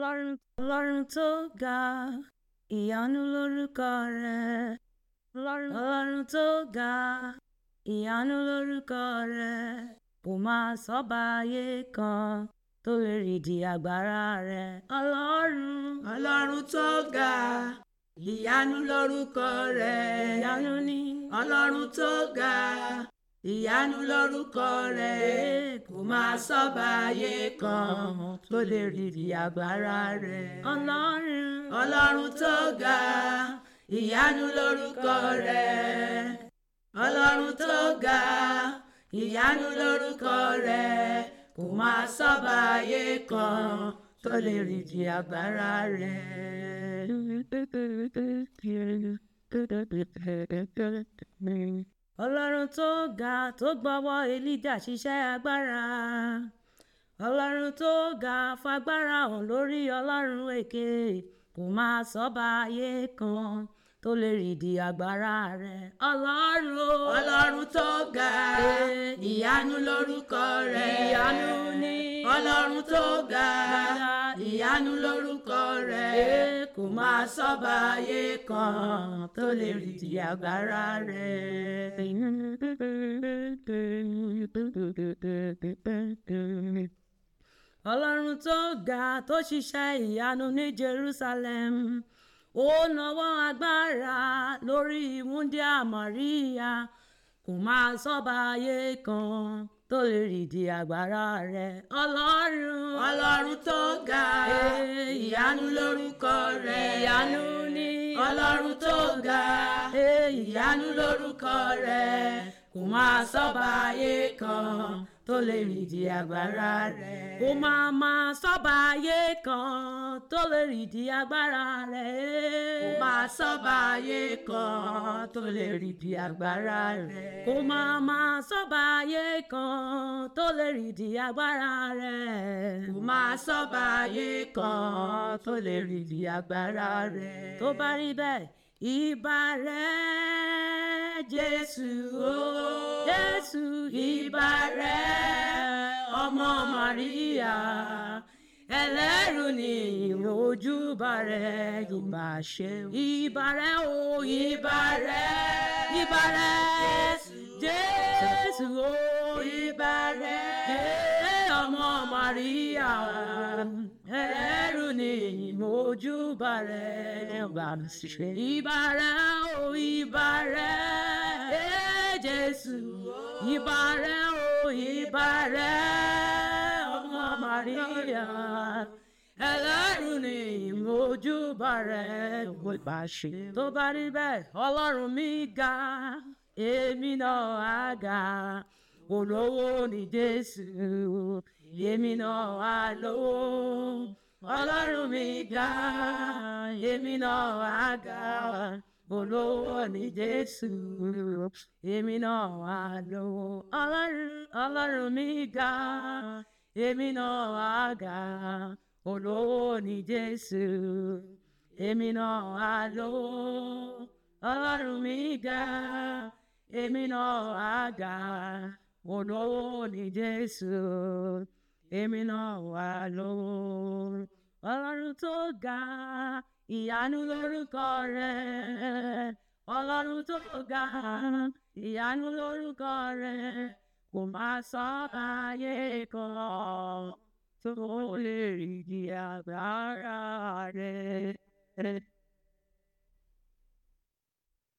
lọ́run lọ́run tó ga ìyanu lórúkọ rẹ̀ lọ́run lọ́run tó ga ìyanu lórúkọ rẹ̀ kò máa sọ́ba ayé kan tó lè rìdì agbára ọlọ́run ọlọ́run tó ga ìyanu lórúkọ rẹ̀ ìyanu ni ọlọ́run tó ga ìyanu lórúkọ rẹ̀ kò máa sọ́bàáyé kan tó lè rìrì agbára rẹ̀. ọlọ́run ọlọ́run tó ga ìyanu lórúkọ rẹ̀. ọlọ́run tó ga ìyanu lórúkọ rẹ̀ kò máa sọ́bàáyé kan tó lè rìrì agbára rẹ̀. Ọlọ́run tó ga tó gbọ́wọ́ Èlíjà ṣiṣẹ́ agbára. Ọlọ́run tó ga fagbára hàn lórí Ọlọ́run èké kò máa sọ́ba ayé kan tó lè rìndì agbára rẹ̀. Ọlọ́run Ọlọ́run tó ga ìyanu lórúkọ rẹ̀ ìyanu ni Ọlọ́run tó ga ìyanu lórúkọ rẹ̀ kò máa sọ́ba ayé kan tó lè rìndì agbára rẹ̀. ọlọ́run tó ga tó ṣiṣẹ́ ìyanu ní Jerusalem ó nawọ́ agbára lórí wúndíà Maria kò máa sọ́ba ayé kan tó lè rìndì agbára rẹ̀ ọlọ́run ọlọ́run tó ga eh, ìyanu lórúkọ rẹ̀ ìyanu ni ọlọ́run tó ga eh, ìyanu lórúkọ rẹ̀ kò máa sọ́ba ayé kan tó lè rìndì agbára rẹ̀ kò máa máa sọ́ba ayé kan tó lè rìndì agbára rẹ̀ sọ́ba ayé kan tó lè rìn di agbára rẹ̀. kò máa máa sọ́ba ayé kan tó lè rìn di agbára rẹ̀. kò máa sọ́ba ayé kan tó lè rìn di agbára rẹ̀. tó bá rí bẹ́ẹ̀ ìbà rẹ̀ Jésù o Jésù ìbà rẹ̀ ọmọ Màríà ẹlẹ́rù ni ìrìn ojúbà rẹ̀ ìbà ṣe ìbà o ìbà rẹ̀ ìbà jésù o ìbà rẹ̀ jésù ọmọ Màríà ẹlẹ́rù ni ìrìn ojúbà rẹ̀ ìbà ṣe ìbà o ìbà rẹ̀ jésù ìbà o ìbà àríyàn ẹlẹ́rù ni ìmójúbà rẹ̀ wò bá ṣe. tó bá rí bẹ́ẹ̀ ọlọ́run mi ga èmi náà á ga olówó ni jésù èmi náà á lówó ọlọ́run mi ga èmi náà á ga olówó ni jésù èmi náà á lówó ọlọ́run mi ga. èmi náà á ga olówó ni jésù èmi náà á lówó ọlọ́run mi ga èmi náà á ga olówó ni jésù èmi náà á lówó ọlọ́run tó ga ìyanu lórúkọ rẹ ọlọ́run tó ga ìyanu lórúkọ rẹ kò máa sọ ayé kan tó lè rí di agbára rẹ̀.